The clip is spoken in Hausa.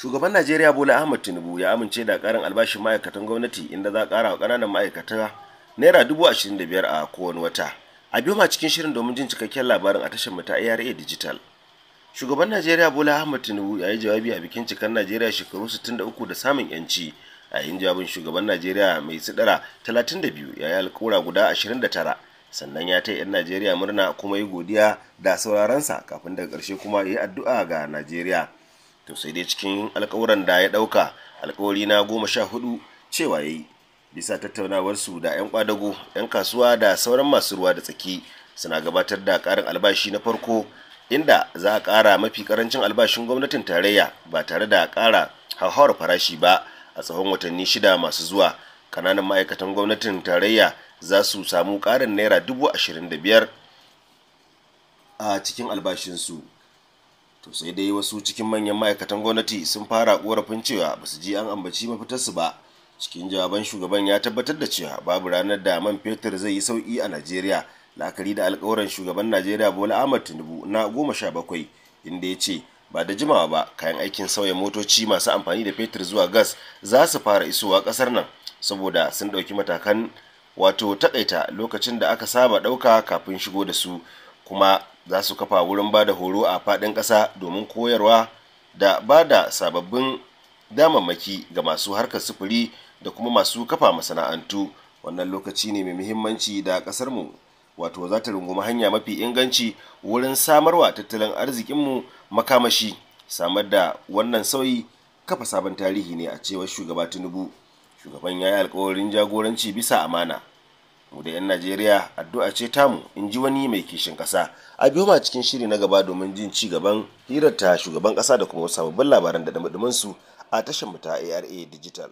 shugaban najeriya bola ahmad tinubu ya amince da karin albashin ma'aikatan gwamnati inda za a kara wa kananan ma'aikata naira dubu ashirin da biyar a kowane wata a biyu ma cikin shirin domin jin cikakken labarin a tashar ta ara digital shugaban najeriya bola ahmad tinubu ya yi jawabi a bikin cikar najeriya shekaru 63 da samun yanci a yin jawabin shugaban najeriya mai sidara 32 ya yi alkura guda 29 sannan ya ta 'yan najeriya murna kuma yi godiya da sauraronsa kafin daga karshe kuma ya yi addu'a ga najeriya to sai dai cikin alkawuran da ya ɗauka alkawari na goma sha hudu cewa ya yi bisa tattaunawar su da 'yan kwadago 'yan kasuwa da sauran masu ruwa da tsaki suna gabatar da ƙarin albashi na farko inda za a ƙara mafi ƙarancin albashin gwamnatin tarayya ba tare da ƙara hauhawar farashi ba a tsawon watanni shida masu zuwa kananan ma'aikatan gwamnatin tarayya za su samu ƙarin naira dubu ashirin da biyar a cikin albashinsu to sai dai wasu cikin manyan ma'aikatan gwamnati sun fara korafin cewa ba su ji an ambaci mafitar su ba cikin jawaban shugaban ya tabbatar da cewa babu ranar da man fetur zai yi sauki a najeriya la'akari da alkawaran shugaban najeriya bola ahmad tinubu na goma sha bakwai inda ya ce ba da jimawa ba kayan aikin sauya motoci masu amfani da fetur zuwa gas za su fara isowa kasar nan saboda sun ɗauki matakan wato taƙaita lokacin da aka saba ɗauka kafin shigo da su kuma za su kafa wurin ba da horo a faɗin ƙasa domin koyarwa da ba da sababbin damammaki ga masu harkar sufuri da kuma masu kafa masana'antu wannan lokaci ne mai muhimmanci da ƙasarmu wato za ta rungumi hanya mafi inganci wurin samarwa tattalin arzikinmu makamashi samar da wannan sauyi kafa sabon tarihi ne a cewar shugaba tinubu shugaban ya yi alkawarin jagoranci bisa amana mu da 'yan najeriya addu'a ce tamu in ji wani mai kishin kasa a biyo ma cikin shiri na gaba domin jin ci gaban hirar ta shugaban kasa da kuma wasu sababbin labaran da dumudumin su a tashar mu ta ara digital